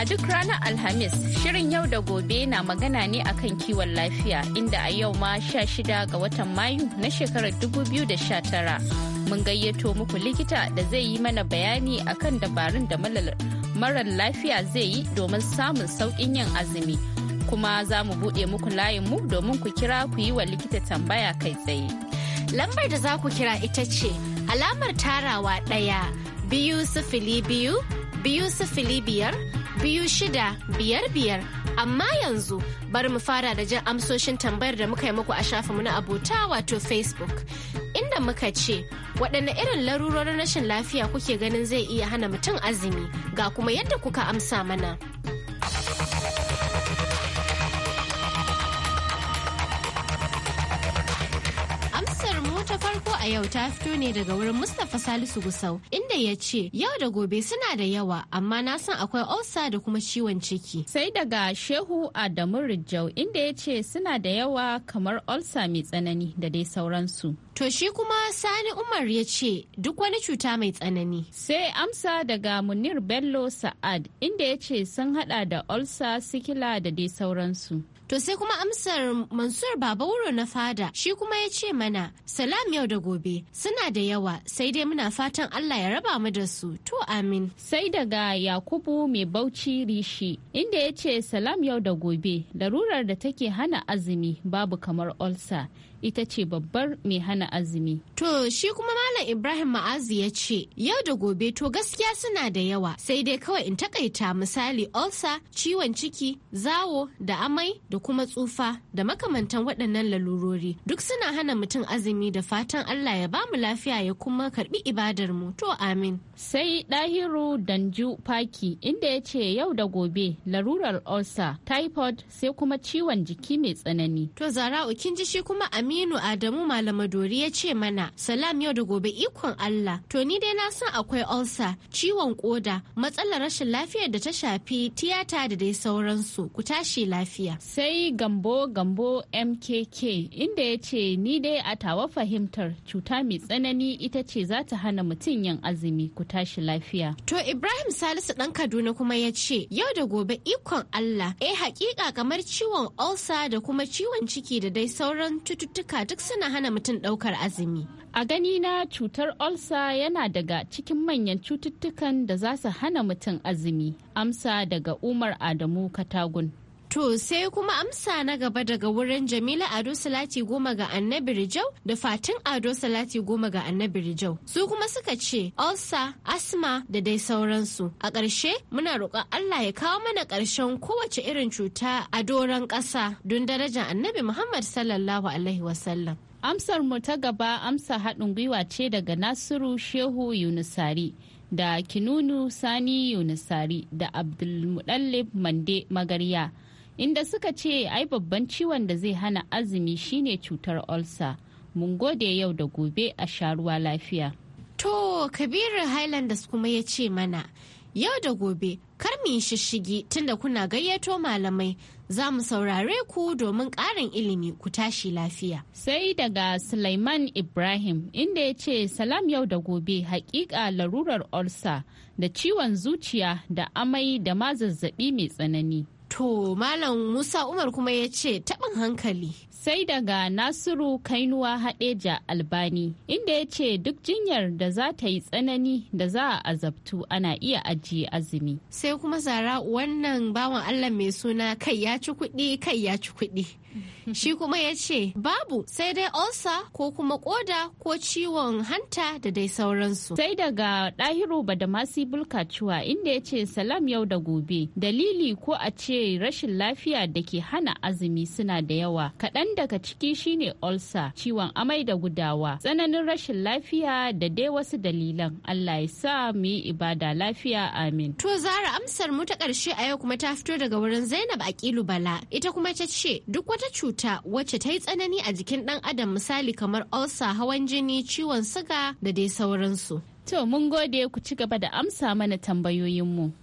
A duk ranar Alhamis, shirin yau da gobe na magana ne akan kiwon lafiya inda a yau ma sha shida ga watan Mayu na shekarar da 2019 mun gayyato muku likita da zai yi mana bayani akan dabarun da marar lafiya zai yi domin samun sauƙin yin azumi. Kuma za mu buɗe muku layin mu domin ku kira ku yi wa likita tambaya kai tsaye. Lambar da za ku kira ita ce alamar tarawa ɗaya biyu sifili biyu biyu sifili biyar biyu shida biyar biyar amma yanzu bari mu fara da jan amsoshin tambayar da muka yi muku a shafinmu na abota wato facebook inda muka ce waɗanne irin larurorin rashin lafiya kuke ganin zai iya hana mutum azumi ga kuma yadda kuka amsa mana amsar mu ta farko a yau ta fito ne daga wurin mustapha salisu gusau wanda ya ce yau da gobe suna da yawa amma na san akwai ulcer da kuma ciwon ciki. Sai daga Shehu Adamu Rijau inda ya ce suna da yawa kamar Ulsa mai tsanani da dai sauransu. To shi kuma Sani Umar ya ce duk wani cuta mai tsanani. Sai amsa daga Munir Bello Sa'ad inda ya ce sun hada da Ulsa sikila da dai sauransu. To sai kuma amsar Mansur Wuro na fada shi kuma ya ce mana salam yau da gobe suna da yawa sai dai muna fatan Allah ya raba mu da su to amin. Sai daga Yakubu mai bauchi rishi inda ya ce salam yau da gobe larurar da take hana azumi babu kamar olsa ita ce babbar mai hana azumi. To shi kuma Malam Ibrahim Ma'azi ya ce yau da gobe to gaskiya suna da yawa sai dai kawai in takaita misali ulcer, ciwon ciki, zawo da amai da kuma tsufa da makamantan waɗannan lalurori duk suna hana mutum azumi da fatan Allah ya ba mu lafiya ya kuma karbi ibadar mu to amin. Sai ɗahiru Danju Faki inda ya ce yau da gobe larurar ulcer, typhoid sai kuma ciwon jiki mai tsanani. To Zara'u kin ji shi kuma amin Aminu Adamu Malamadori ya ce mana salam yau da gobe ikon Allah to ni dai na san akwai ulsa ciwon koda matsalar rashin lafiyar da ta shafi tiyata da dai sauransu ku tashi lafiya. Sai gambo gambo MKK inda ya ce ni dai a tawa fahimtar cuta mai tsanani ita ce za ta hana mutum yin azumi ku tashi lafiya. To Ibrahim Salisu ɗan Kaduna kuma ya ce yau da gobe ikon Allah eh hakika kamar ciwon Ulsa da kuma ciwon ciki da dai sauran cututtuka cututtuka duk suna hana mutum ɗaukar azumi. A gani na cutar olsa yana daga cikin manyan cututtukan da za su hana mutum azumi. Amsa daga Umar Adamu Katagun. To sai kuma amsa na gaba daga wurin Jamila Ado Salati goma ga Annabi Rijau da Fatin Ado Salati goma ga Annabi Rijau. Su kuma suka ce ulcer, asma da dai sauransu. A ƙarshe muna roƙon Allah ya kawo mana ƙarshen kowace irin cuta a doron ƙasa don darajar Annabi Muhammad sallallahu alaihi wasallam. Amsar mu ta gaba amsa haɗin gwiwa ce daga Nasiru Shehu Yunusari. da kinunu sani yunusari da abdulmuɗallib mande magarya inda suka ce ai babban ciwon da zai hana azumi shine cutar olsa mun gode yau da gobe a sharuwa lafiya to kabiru highlanders kuma ya ce mana yau da gobe kar mu yi shishigi tunda kuna gayyato malamai za mu saurare ku domin ƙarin ilimi ku tashi lafiya. Sai daga Suleiman Ibrahim inda ya ce salam yau da gobe hakika larurar olsa da ciwon zuciya da amai da ma zazzabi mai tsanani. To Malam Musa Umar kuma ya ce taɓin hankali sai daga nasiru kainuwa hadeja albani inda ya ce duk jinyar da za ta yi tsanani da za a azabtu ana iya ajiye azumi sai kuma zara wannan bawan allah mai suna kai ya ci kuɗi kai ya ci kuɗi shi kuma ya ce babu sai dai olsa ko kuma koda ko ciwon hanta da dai sauransu sai daga ɗahiru badamasi bulkacuwa inda ya ce salam yau da gobe dalili ko a ce rashin lafiya da ke hana azumi suna da yawa kaɗan tun daga ciki shine ulcer ciwon amai da gudawa tsananin rashin lafiya da dai wasu dalilan allah ya sa mu yi ibada lafiya amin to zara amsar mu ta ƙarshe a yau kuma ta fito daga wurin zainab aqilu bala ita kuma ta ce duk wata cuta wacce ta yi tsanani a jikin ɗan adam misali kamar ulcer hawan jini ciwon suga da dai sauransu To mun gode ku ci gaba da amsa mana tambayoyinmu.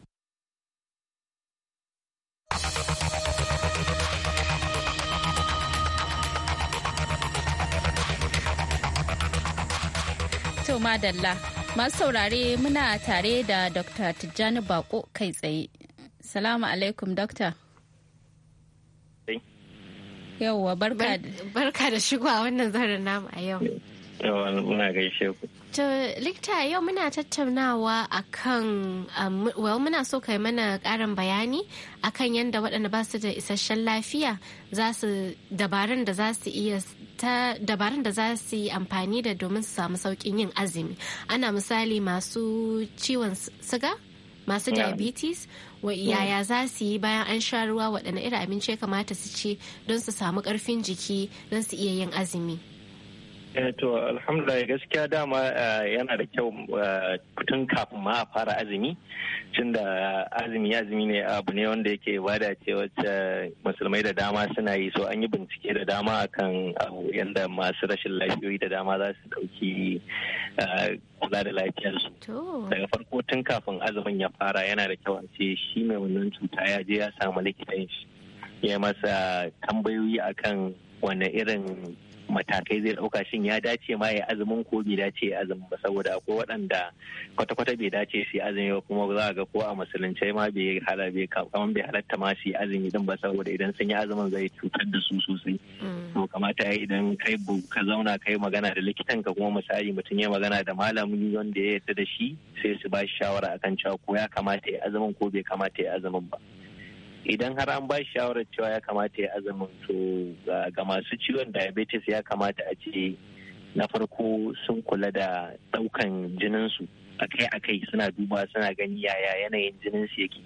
To madalla masu saurare muna tare da Dr. Tijjani Bako kai tsaye. Salamu alaikum Dr. Yauwa barka da shigowa wannan zarar namu a yau. Yauwa muna gaishe ku. To likta yau muna tattaunawa a kan um, well muna so kai mana karin bayani akan yadda waɗanda ba su da isasshen lafiya za su dabarun da za su iya ta dabarun da za su yi amfani da domin su samu saukin yin azumi ana misali masu ciwon siga masu diabetes wa yaya za su yi bayan an sha ruwa waɗanne irin abinci ya kamata su ci don su samu ƙarfin jiki don su iya yin azumi. Eh, to alhamdulillah gaskiya dama eh, yana da kyau eh, tun kafin ma a fara azumi tun da azumi azumi ne abu ne wanda yake bada ce wacce musulmai da dama suna yi so an yi bincike da dama akan abu yadda masu rashin lafiyoyi da dama za su dauki kula da lafiyarsu daga farko tun kafin azumin ya fara yana da kyau a ce shi mai wannan cuta ya je ya samu likitan shi ya masa tambayoyi akan wani irin matakai zai dauka shin ya dace ma ya azumin ko bai dace ya azumin ba saboda ko waɗanda kwata-kwata bai dace su azumi ba kuma za a ga ko a musulunce ma bai hala bai kaman bai halatta ma su azumi din ba saboda idan sun yi azumin zai cutar da su sosai mm. to kamata ya idan kai ka zauna kai magana da likitan ka kuma misali mutum ya magana da malamin wanda ya yarda da shi sai su ba shi shawara akan cewa ko ya kamata ya azumin ko bai kamata ya azumin ba. idan har an ba shi shawarar cewa ya kamata ya azumin to ga masu ciwon diabetes ya kamata a ce na farko sun kula da daukan jininsu akai-akai suna duba suna gani yaya yanayin jininsu yake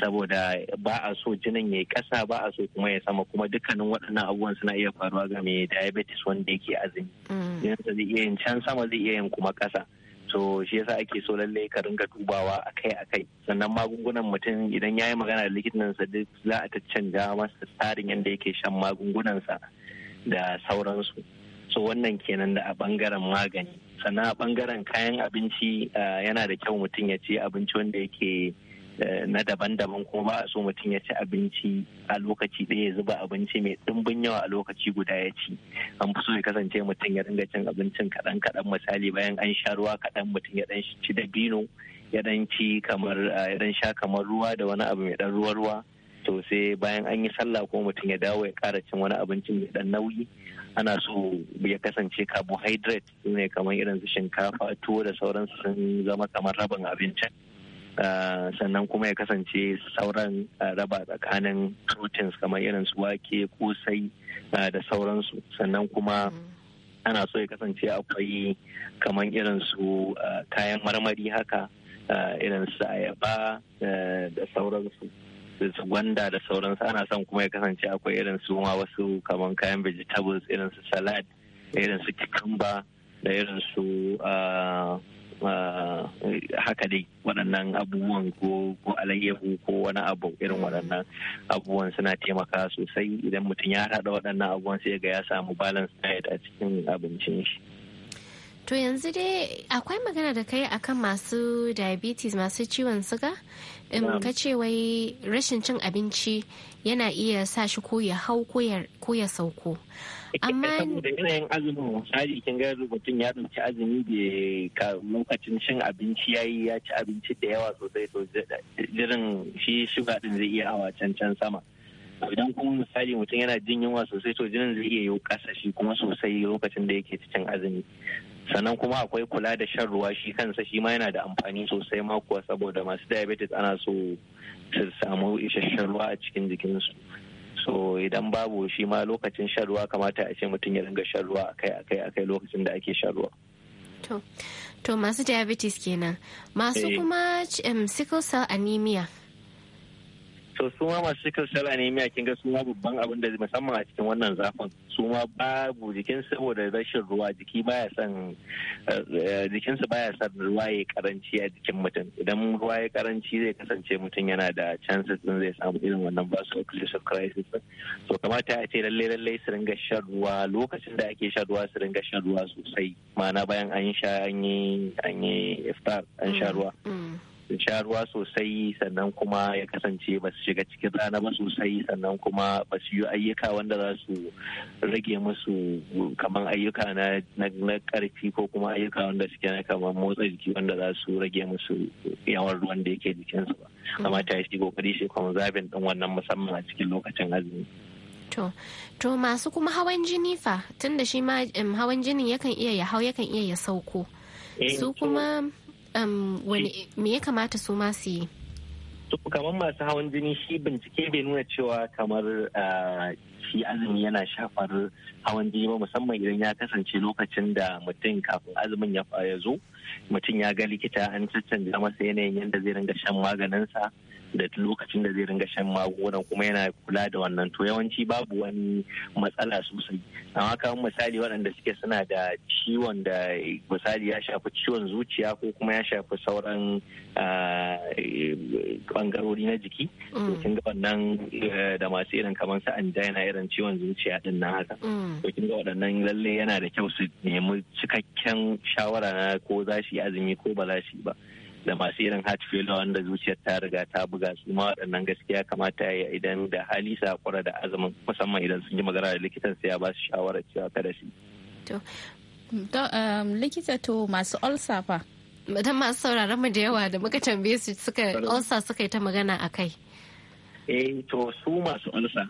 saboda ba a so jinin ya yi kasa ba a so kuma ya sama kuma dukkanin waɗannan abubuwan suna iya faruwa ga mai diabetes wanda yake azumi Yanzu mm. zai iya yin can sama zai iya yin kuma kasa to shi yasa ake so lalle ka ringa dubawa akai akai sannan magungunan mutum idan ya yi magana da likitan sa duk za a ta canja masa tsarin yadda yake shan magungunansa da sauransu so wannan kenan da a bangaren magani sannan a bangaren kayan abinci eh, yana da kyau mutum ya ci abinci wanda yake Eh, na daban-daban ko ba a so mutum ya ci abinci a lokaci ɗaya ya zuba abinci mai ɗumbin yawa a lokaci guda ya ci an fi so ya kasance mutum ya dinga cin abincin kaɗan-kaɗan misali bayan an sha ruwa kaɗan mutum ya ɗan ci dabino ya ɗan ci kamar eh, ya ɗan sha kamar ruwa da wani abu mai ɗan ruwa-ruwa to sai bayan an yi sallah ko mutum ya dawo ya ƙara cin wani abinci mai ɗan nauyi ana so ya kasance carbohydrate su ne kamar irin su shinkafa tuwo da sauransu sun zama kamar rabin abincin Eh, sannan kuma ya kasance sauran eh, raba tsakanin proteins kamar irin su wake kosai eh, da sauransu sannan kuma ana so ya kasance akwai kamar irin su kayan marmari haka irin su ayaba da sauransu su gwanda da sauransu ana son kuma ya kasance akwai irin su ma wasu kamar kayan vegetables irin su salad irin su cucumber da irin su Eh, haka dai waɗannan abubuwan ko alayyahu ko wani abu irin waɗannan abubuwan suna taimaka sosai idan mutum ya haɗa waɗannan abubuwan sai ga ya samu balance diet a cikin abincin shi. To yanzu dai akwai magana da kai akan masu diabetes masu ciwon suga? in ka ce wai rashin cin abinci yana iya sa shi ko ya hau ko ya sauko. Amma da yanayin azumin misali kin ga mutum ya dauki azumi da lokacin cin abinci ya yi ya ci abinci da yawa sosai to jirin shi shuga din zai iya hawa can can sama. idan kuma misali mutum yana jin yunwa sosai to jinin zai iya yau kasa kuma sosai lokacin da yake cikin azumi sannan kuma akwai kula da shan ruwa shi kansa shi ma yana da amfani sosai ma kuwa saboda masu diabetes ana so su samu isasshen ruwa a cikin jikinsu so idan babu shi ma lokacin shan ruwa kamata a ce mutum ya dinga shan ruwa akai akai akai lokacin da ake shan ruwa to masu diabetes kenan masu eh. kuma sickle cell anemia so su ma masu sickle cell anemia kin ga su ma babban abin da musamman a cikin wannan zafin su ma babu jikin saboda rashin ruwa jiki baya son eh, eh, jikin su baya son ruwa ya karanci a jikin mutum idan ruwa ya karanci zai kasance mutum yana da chances din zai samu irin wannan ba su occlusive crisis so kamata a ce lalle lalle su ringa shan ruwa lokacin da ake shan ruwa su ringa shan ruwa sosai ma'ana bayan an sha an yi iftar an sha mm, ruwa mm. su sha ruwa sosai sannan kuma ya kasance ba su shiga cikin rana ba sosai sannan kuma ba su yi ayyuka wanda za su rage musu kamar ayyuka na karfi ko kuma ayyuka wanda suke na kamar motsa jiki wanda za su rage musu yawan ruwan da yake jikinsu ba amma ta shi kokari shi kuma zabin din wannan musamman a cikin lokacin azumi to to masu kuma hawan jini fa tunda shi ma hawan jinin yakan iya ya hau yakan iya ya sauko eh, su kuma wani me ya kamata su ma su yi kamar masu hawan jini shi bincike bai nuna cewa kamar shi azumi yana shafar hawan jini ba musamman idan ya kasance lokacin da mutum kafin azumin ya zo mutum ya ga likita an cancanta masa yanayin yadda zai ringa shan maganinsa da lokacin da zai ringa shan magungunan kuma yana kula da wannan to yawanci babu wani matsala sosai amma kamar misali waɗanda suke suna da ciwon da misali ya shafi ciwon zuciya ko kuma ya shafi sauran bangarori ah, na jiki to mm. kin ga wannan eh, da masu irin kamar su yana irin ciwon zuciya din nan haka mm. to kin ga waɗannan lalle yana da kyau su nemi cikakken shawara na ko za shi azumi ko ba za shi ba da masu irin heart failure wanda zuciyar ta riga ta buga su ma waɗannan gaskiya kamata ya idan da hali sa da azumin musamman idan sun yi magana da likitan sai ya ba su shawarar cewa kada su. Um, likita to masu ulcer fa. Madan masu sauraron mu da yawa da muka tambaye su suka ulcer suka yi ta magana a kai. Eh to su masu ulcer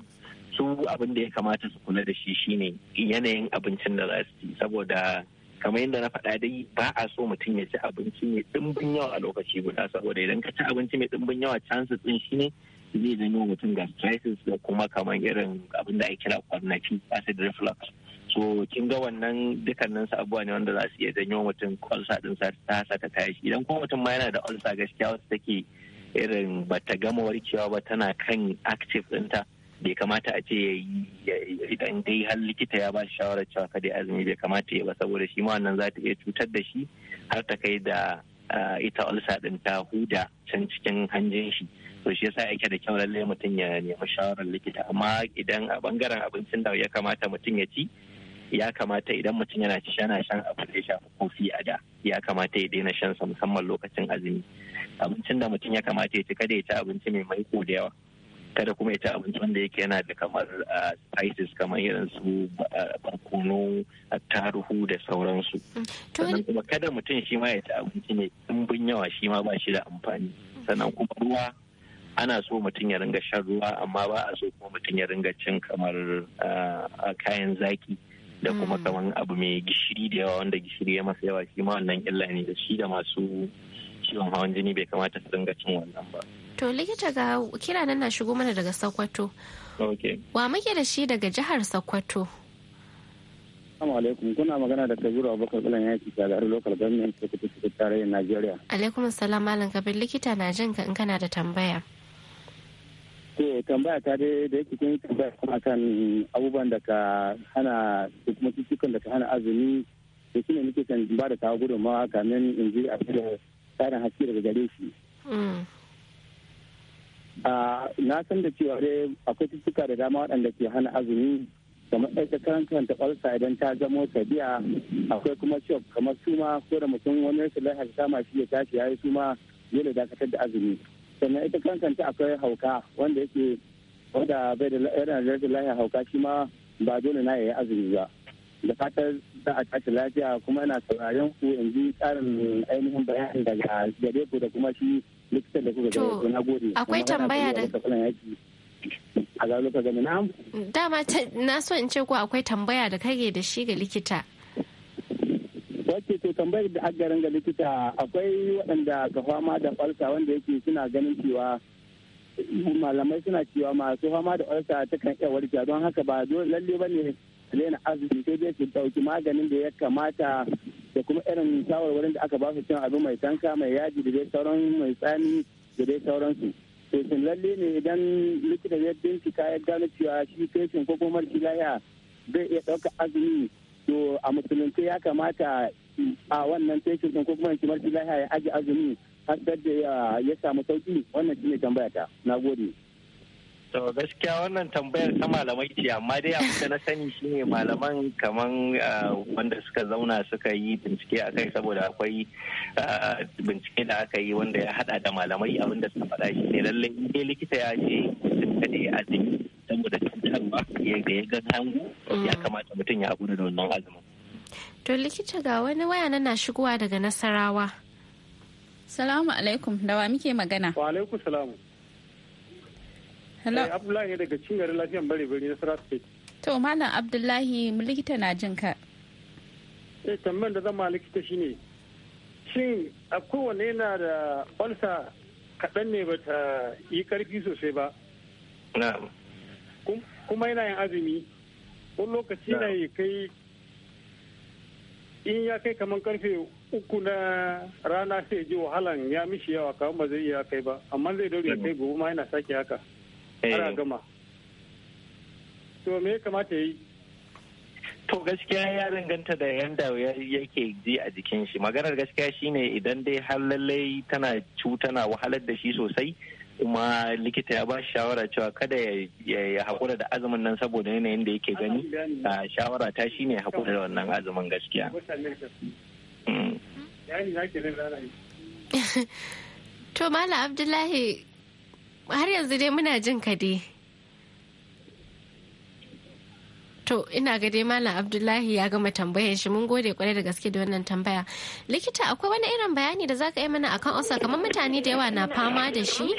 su abin da ya kamata su kula da shi shine yanayin abincin da za su ci saboda kamar yadda na faɗa dai ba a so mutum ya ci abinci mai ɗimbin yawa a lokaci guda saboda idan ka ci abinci mai ɗimbin yawa chances ɗin shi ne zai janyo mutum stresses da kuma kamar irin abin da ake kira kwarnaki acid reflux so kin ga wannan dukkanin ne wanda za su iya janyo mutum ulcer ɗin sa ta ta tashi idan kuma mutum ma yana da ulcer gaskiya wasu take irin bata gama warkewa ba tana kan active ɗinta bai kamata a ce idan dai har likita ya ba shi shawarar cewa kada azumi bai kamata ya ba saboda shi ma wannan za ta iya cutar da shi har ta kai da ita ulsa din ta huda can cikin hanjin shi to shi yasa yake da kyau lallai mutum ya nemi shawarar likita amma idan a bangaren abincin da ya kamata mutum ya ci ya kamata idan mutum yana ci yana shan abu da ya shafi kofi a da ya kamata ya daina shan shansa musamman lokacin azumi abincin da mutum ya kamata ya ci kada ya ci abinci mai maiko da yawa kada kuma ya ci abinci wanda yake yana da kamar ah, spices kamar irin su ah, barkono taruhu da sauransu mm. sannan kuma kada mutum shi ma ya ci abinci ne ɗumbin yawa shi ma ba shi da amfani mm. sannan kuma ruwa ana so mutum ya ringa shan ruwa amma ba a so kuma mutum ya ringa cin kamar ah, kayan zaki da kuma mm. kamar abu mai gishiri da yawa wanda gishiri ya masa yawa shi ma wannan illa ne da shi da masu ciwon hawan jini bai kamata su ringa cin wannan ba. To likita ga kira nan na shigo mana daga Sokoto. Okay. Wa muke da shi daga jihar Sokoto? Assalamu alaikum kuna magana da Kabiru Abubakar Bilan yaki daga local government Sokoto Sokoto tarayyar Najeriya. Alaikum assalam malam Kabir likita na jin ka in kana da tambaya. To tambaya ta dai da yake kun tambaya kuma kan abubuwan da ka hana da kuma cikin da ka hana azumi da shi ne nake kan ba da kawo gudunmawa kamin in ji a da tsarin haske daga gare shi. Mm. na san da cewa dai akwai cututtuka da dama waɗanda ke hana azumi kamar ɗaya karan kanta ƙwalsa idan ta zamo sabiya akwai kuma shop kamar suma ko da mutum wani rashin lafiya ta kama shi ya tashi ya yi suma dole dakatar da azumi sannan ita karan ta akwai hauka wanda yake wanda bai da yana da rashin lafiya hauka shi ma ba dole na yayi azumi ba da fatar za a tashi lafiya kuma yana sauraron ku in tsarin ainihin bayani daga gare ku da kuma shi likitan na gode akwai tambaya da a dama na so in ce ko akwai tambaya da kage da shi ga likita wacce to tambayar da agarin ga likita akwai waɗanda ka fama da falsa wanda yake suna ganin cewa malamai suna cewa masu fama da ulcer ta kan iya warkewa don haka ba lalle ba ne daina azumi sai dai su ɗauki maganin da ya kamata da kuma irin shawarwarin da aka ba su cin abu mai tanka mai yaji da dai sauran mai tsani da dai sauransu to shin lalle ne idan likita ya bincika ya gano cewa shi feshin ko kuma marci lahiya zai iya ɗauka azumi to a musulunci ya kamata a wannan feshin ko kuma marci lahiya ya aji azumi har da ya samu sauki wannan shine tambaya ta na gode. to gaskiya wannan tambayar ta malamai ce amma dai abin da na sani shine malaman kaman ah, wanda suka zauna suka yi bincike a kai saboda akwai ah, bincike da aka yi wanda ya hada da malamai abin da suka faɗa shi ne lallai ne likita ya ce sun kade a jini saboda cutarwa da ya ga hangu ya mm. kamata mutum ya gudu da wannan azumin. To likita ga wani waya na shigowa daga Nasarawa. Salamu alaikum, dawa muke magana. Wa alaikum salamu. Eh, Abdullahi ne daga cingare lafiyan bari bari na Sarat State. To Malam Abdullahi likita na jin ka. Eh tambayar da zama likita shi ne shin a kowane yana da ulsa kaɗan ne bata yi karfi sosai ba. Kuma yana yin azumi. Wani lokaci na yi kai in ya kai kamar karfe uku na rana sai ji wahalan ya mishi yawa kamar ba zai iya kai ba amma zai daure kai gobe ma yana sake haka. Eh. ana to me ya kamata yi to gaskiya ya danganta da yanda yake ji a jikin shi maganar gaskiya shine idan dai har lallai tana cutana wahalar da shi sosai kuma likita ya ba shawara cewa kada ya haƙura da azumin nan saboda yanayin da yake gani ah, shawara ta shi ne haƙura da wannan azumin gaskiya to mala abdullahi har yanzu dai muna jin ka dai To ina ga dai Malam Abdullahi ya gama tambayar shi mun gode kwarai da gaske da wannan tambaya. Likita akwai wani irin bayani da zaka yi mana akan osa kamar mutane da yawa na fama da shi?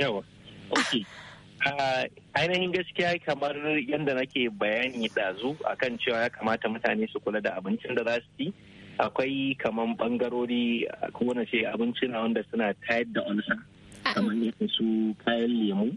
Yawa. ainihin gaskiya kamar yadda nake bayani ɗazu akan cewa ya kamata mutane su kula da abincin da za su ci akwai kamar bangarori ko wani ce abinci na wanda suna tayar da ulsa kamar yadda su kayan lemu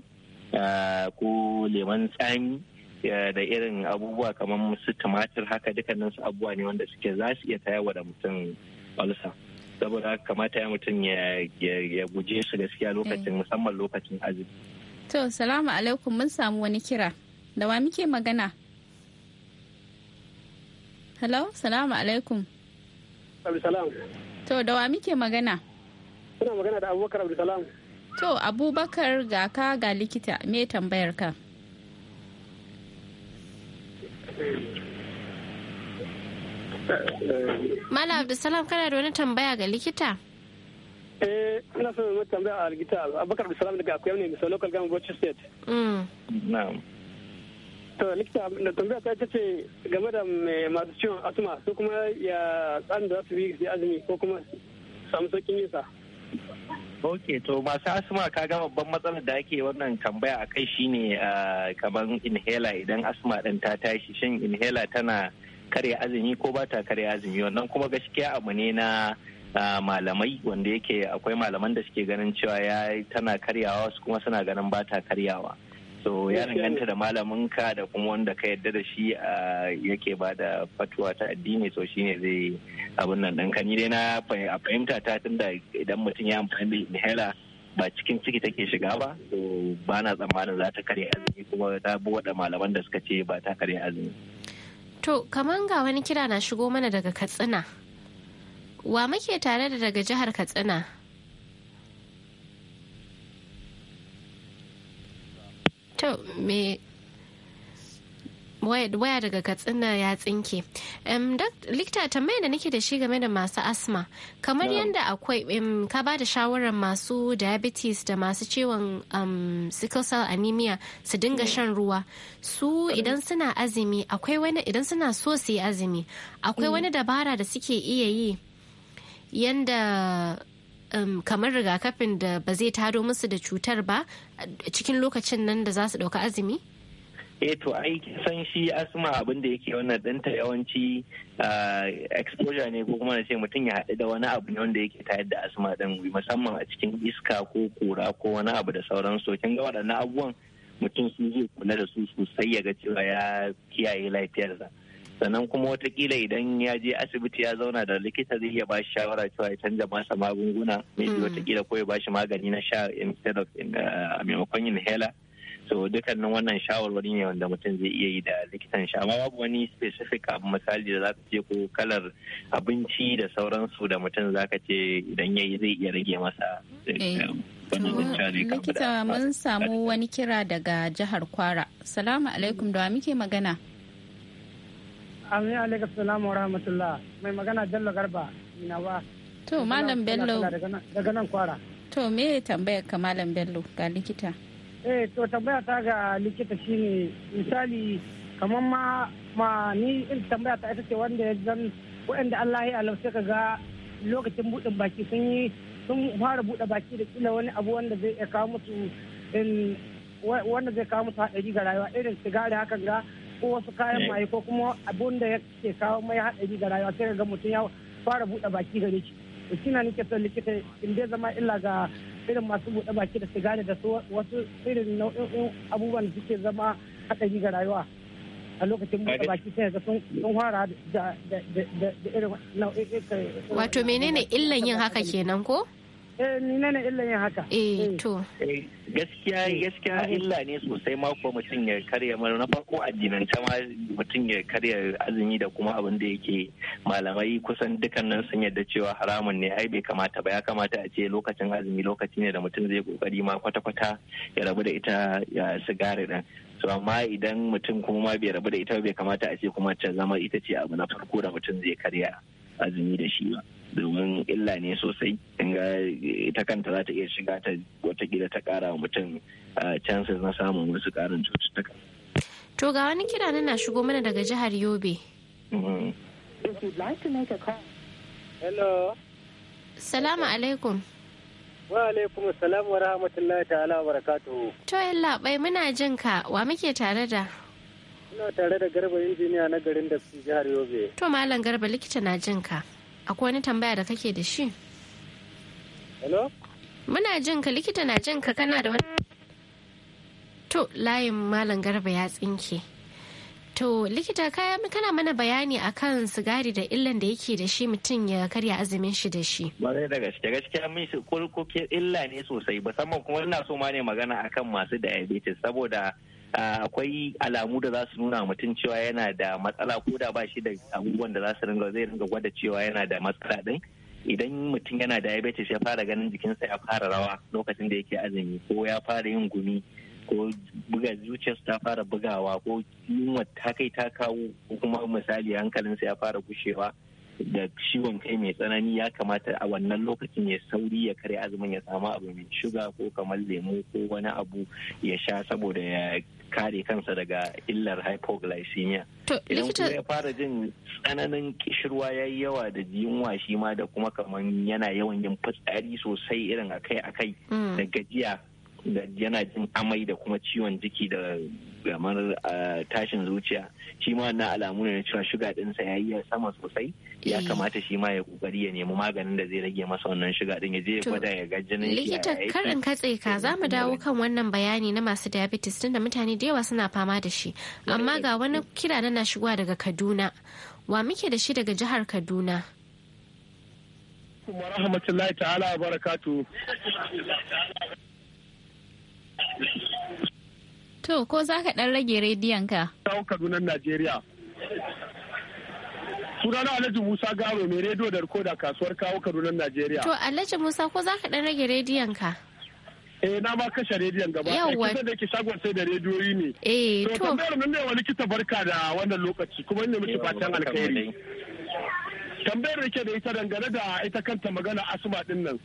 ko lemon tsami da irin abubuwa kamar su tumatir haka dukkanin su abubuwa ne wanda suke za su iya tayarwa da mutum ulsa saboda kamata ya mutum ya guje su gaskiya lokacin musamman lokacin azumi To, salamu alaikum mun samu wani kira. Da wa muke magana? Hello, salamu alaikum. Abdulsalam. To, da wa muke magana? Suna magana da Abubakar Abdulsalam. To, Abubakar ga ka ga likita, me tambayar ka? Mala Abdulsalam kana da wani tambaya ga likita? eh ina so mu tambaya a rigita abubakar abdulsalam daga akwai ne misal local government bauchi state mm. na'am to likita da tambaya ta ce game da masu ciwon asma su kuma ya tsan da za su bi su azumi ko kuma samu sauƙin yin ok to masu asma ka ga babban matsalar da ake wannan tambaya a kai shine a kamar inhaler idan asma din ta tashi shin inhaler tana karya azumi ko ba ta karya azumi wannan kuma gaskiya abu ne na malamai wanda yake akwai malaman da suke ganin cewa ya tana karyawa wasu kuma suna ganin ba ta karyawa so ya danganta da malamin ka da kuma wanda ka yadda da shi yake ba da fatuwa ta addini so shine zai abin nan ɗan kani dai na fahimta ta tunda idan mutum ya amfani da inhaler ba cikin ciki take shiga ba so ba na tsammanin za ta karya azumi kuma ta bi malaman da suka ce ba ta karya azumi. To kaman ga wani kira na shigo mana daga Katsina. Wa muke tare da daga jihar Katsina? To, me waya daga katsina ya tsinke likta tambayar da nake da shi game da masu asma kamar yadda akwai ka ba da shawarar masu diabetes da masu ciwon sickle cell anemia su dinga shan ruwa su idan suna azumi akwai wani idan suna so su yi azumi akwai mm. wani dabara da suke iya yi yanda um, kamar rigakafin da ba zai tado musu da cutar ba cikin lokacin nan da za su ɗauka azumi? E to ai san shi asma abin da yake wannan ɗinta yawanci ah, exposure ne ko kuma na ce mutum ya haɗu da wani abu ne wanda yake tayar da asma ɗin musamman a cikin iska ko kura ko wani abu da sauransu kin ga waɗannan abubuwan mutum su zai kula da su sosai ya ga cewa ya kiyaye lafiyarsa. sannan kuma watakila idan ya je asibiti ya zauna da likita zai iya bashi shawara cewa ya canza masa magunguna maybe hmm. watakila ko ya bashi magani na sha instead of a uh, maimakon inhaler so dukkanin wannan shawarwari ne wanda mutum zai iya yi da likitan shi amma babu wani specific abu misali da zaka ce ko kalar abinci da sauransu da mutum zaka ce idan yi zai iya rage masa eh, eh, likita mun samu wani kira daga jihar kwara salamu alaikum da wa muke magana Amin alaikum salam wa rahmatullah. Mai magana Bello Garba, Inawa. To Malam Bello. Daga nan kwara. To me tambayar ka Malam Bello ga likita? Eh to tambaya ta ga likita shine misali kamar ma ma ni in tambaya ta ita ce wanda ya zan waɗanda Allah ya alau ka ga lokacin buɗin baki sun yi sun fara buɗe baki da kila wani abu wanda zai kawo musu wanda zai kawo musu haɗari ga rayuwa irin sigari hakan ga ko wasu kayan eh. maye ko kuma abin da ke kawo mai haɗari ga rayuwa sai ga mutum ya fara buɗe baki gare shi to kina nake son likita in dai zama illa ga irin masu buɗe baki da sigari da su wasu irin nau'in abubuwan da suke zama haɗari ga rayuwa a lokacin buɗe baki sai ga sun fara da irin nau'in wato menene illan yin haka kenan ko eh ni ne illa yin haka eh, eh. to eh, gaskiya gaskiya illa ne sosai mako mutum ya karya mara na farko addinan ta ma mutum ya karya azumi da kuma abin da yake malamai kusan dukkanin sun yadda cewa haramun ne ai bai kamata ba ya kamata a ce lokacin azumi lokaci ne da mutum zai kokari ma kwata-kwata ya rabu da ita ya sigari din so amma idan mutum kuma ma bai rabu da ita bai kamata a ce kuma ta zama ita ce abu na farko da mutum zai karya azumi da shi ba domin illa ne sosai ga ita kanta za ta iya shiga ta watakila ta kara wa mutum chances na samun wasu karin cututtuka. To ga wani kira na shigo mana daga jihar Yobe. Mm-hmm. Hello. Salamu alaikum. Wa alaikum salamu wa rahmatullahi ta'ala wa barakatu To yalla bai muna jin ka wa muke tare da? Ina tare da garba injiniya na garin da su jihar Yobe. To malam garba likita na jin ka. akwai wani tambaya da kake da shi hello muna jin ka likita na jin ka kana da wani to layin malam garba ya tsinke to likita kaya kana mana bayani akan sigari da illan da yake da shi mutum ya karya azumin shi da shi ba zai da gaske gaskiya mun shi kurkuke illa ne sosai musamman kuma ina so ma ne magana akan masu diabetes saboda Ah, akwai alamu da za su nuna mutum cewa yana da matsala ko da ba shi da abubuwan da za su ringa zai ringa gwada cewa yana da matsala din idan mutum yana da diabetes ya fara ganin jikinsa ya fara rawa lokacin da yake azumi ko ya fara yin gumi ko buga zuciyarsa ta fara bugawa ko yunwa ta kai ta kawo ko kuma misali hankalinsa ya fara gushewa da ciwon kai mai tsanani ya kamata a wannan lokacin ya sauri ya kare azumin ya samu abu mai shuga ko kamar lemu ko wani abu ya sha saboda ya kare kansa daga illar hypoglycemia. Idan kuma ya fara jin tsananin kishirwa ya yi yawa da jiyunwa shi ma da kuma kamar yana yawan yin fitsari sosai irin akai-akai mm. da gajiya yana jin amai da kuma ciwon jiki da gamar eh, tashin zuciya shi ma wannan alamu ne na cewa shuga ɗinsa ya yi sama sosai ya eh. kamata shi ma ya kokari ya nemi maganin da zai rage masa wannan shuga din ya je ya gwada ya ga jinin likita karin katse ka za mu dawo kan wannan bayani na masu diabetes tunda mutane da yawa suna fama da shi amma ga wani kira na shigowa daga kaduna wa muke da shi daga jihar kaduna wa rahmatullahi ta'ala wa barakatu To, ko za ka ɗan rage rediyon ka? Kawo Kaduna Najeriya. Sunana Alhaji Musa Garo mai rediyo da rikoda kasuwar kawo Kaduna Najeriya. To, Alhaji Musa ko za ka ɗan rage rediyon ka? Eh na ma kashe rediyon gaba. Yawwa. Kusa da ke shagon sai da rediyoyi ne. Eh to. To tambayar mun ne wani kita barka da wannan lokaci kuma ne mutu fatan alkhairi. Tambayar da ke da ita dangane da ita kanta magana asuma din nan.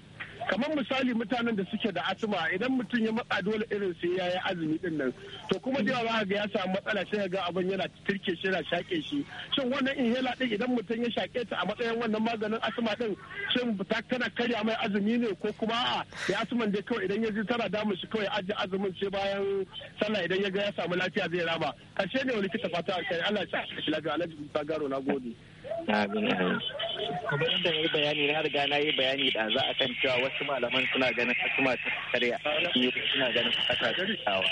kamar misali mutanen da suke da asma idan mutum ya matsa dole irin sai ya yi azumi din nan to kuma da yawa ga ya samu matsala sai ga abin yana tirke shi yana shake shi shin wannan inhaler din idan mutum ya shake ta a matsayin wannan maganin asma din shin ta tana karya mai azumi ne ko kuma a ya asman dai kawai idan ya ji tana damun shi kawai ajiye azumin sai bayan sallah idan ya ga ya samu lafiya zai rama karshe ne wani kita fata kai Allah ya sa shi lafiya Alhaji Musa Garo na gode kuma inda na yi bayani na riga na yi bayani da za a kan cewa wasu malaman suna ganin wasu ta karya suna ganin kasa tsawa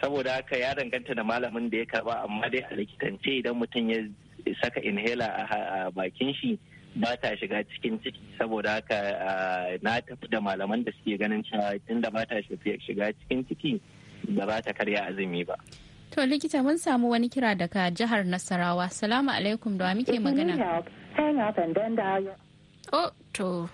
saboda haka ya danganta da malamin da ya karba amma dai a likitance idan mutum ya saka inhaler a bakin shi ba ta shiga cikin ciki saboda haka na tafi da malaman da suke ganin cewa inda ba ta shiga cikin ciki ba ta karya azumi ba. To likita mun samu wani kira daga jihar Nasarawa. Salamu alaikum da muke magana. Oh, to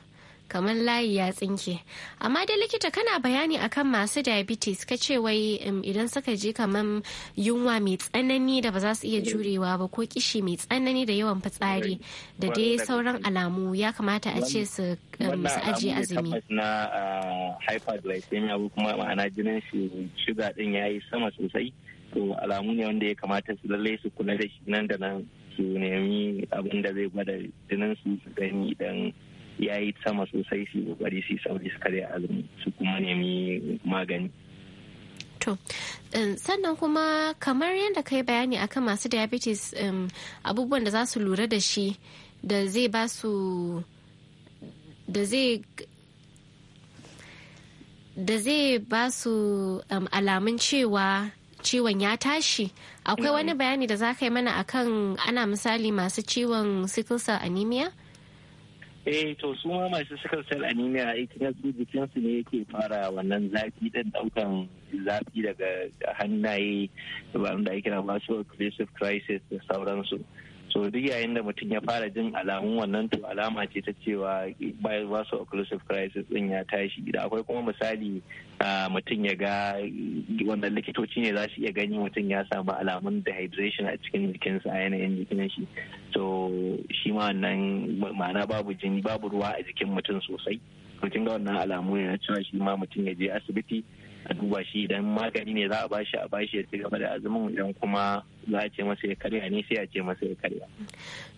kamar layi ya tsinke. Amma dai likita kana bayani akan masu diabetes ka ce wai idan suka je kamar yunwa mai tsanani da ba za su iya jurewa ba ko kishi mai tsanani da yawan fitsari da dai sauran alamu ya kamata a ce su ajiye azumi. na ah, hyperglycemia kuma ma'ana jinin shi shuga din yayi sama sosai. to alamu ne wanda ya kamata su lallai su kula da shi nan da nan su nemi abin da zai gwada jinin su su gani idan ya yi sama sosai su kokari su sauri su karya azumi su kuma nemi magani um, sannan kuma kamar yadda ka yi bayani akan masu diabetes um, abubuwan da za su lura da shi da zai ba su da zai da zai ba su um, alamun cewa ciwon ya tashi akwai mm. wani bayani da za ka yi mana akan ana misali masu ciwon sickle cell anemia? eh to su ma masu sickle cell anemia ita su jikinsu ne yake fara wannan zafi dan daukan zafi daga hannaye da ake kira su occlusive crisis da sauransu so duk yayin da mutum ya fara jin alamun wannan to alama ce ta cewa bayan wasu occlusive crisis din ya tashi da akwai kuma misali mutum ya ga wannan likitoci ne za su iya gani mutum ya samu alamun dehydration a cikin jikinsa a yanayin jikin shi so shi ma wannan ma'ana babu jini babu ruwa a jikin mutum sosai mutum ga wannan alamu ne na cewa shi ma mutum ya je asibiti a duba shi idan magani ne za a bashi a bashi ya ci gaba da azumin idan kuma za a ce masa ya karya ne sai a ce masa ya karya.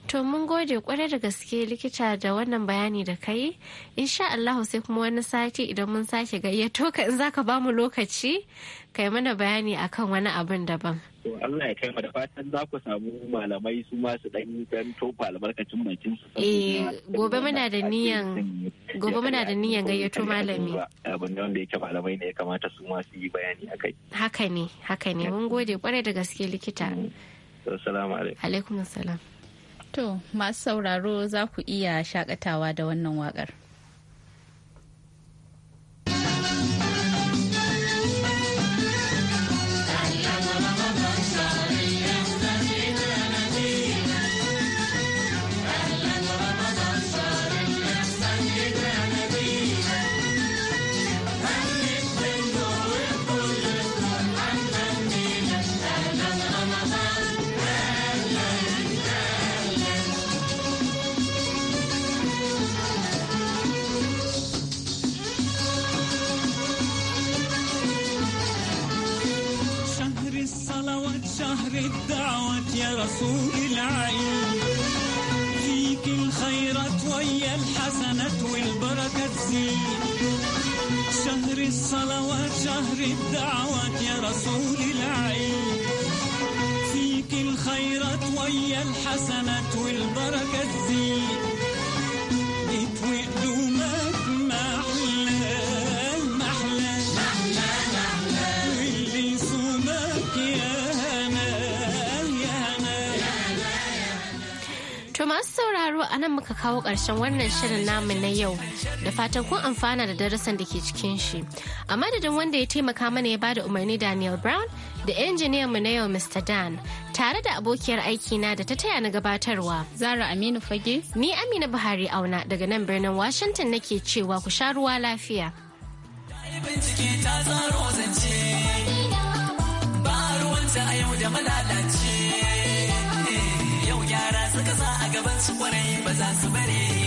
To mun gode kwarai da gaske likita da wannan bayani da kai. Insha Allah sai kuma wani sati idan mun sake gayyato ka in ka ba mu lokaci kai mana bayani akan wani abin daban. To Allah ya kai da fatan za ku samu malamai su masu dan dan tofa albarkacin bakin su. Eh gobe muna da niyan gobe muna da niyan gayyato malami. Abin da wanda yake malamai ne ya kamata su masu yi bayani akai. Haka ne haka ne mun gode kwarai da gaske likita. alaikum. To masu sauraro za ku iya shakatawa da wannan waƙar. To masu sauraro a nan muka kawo ƙarshen wannan shirin namu na yau da fatan kun amfana da darasin da ke cikin shi. A madadin wanda ya taimaka mana ya bada umarni Daniel Brown da injiniyan mu na yau Mr. Dan tare da abokiyar aiki na da ta taya na gabatarwa. Zara Aminu Fage. Ni Amina Buhari Auna daga nan birnin Washington nake cewa ku sha ruwa lafiya. Bincike ta yara suka sa a gaban su kwarai ba za su bare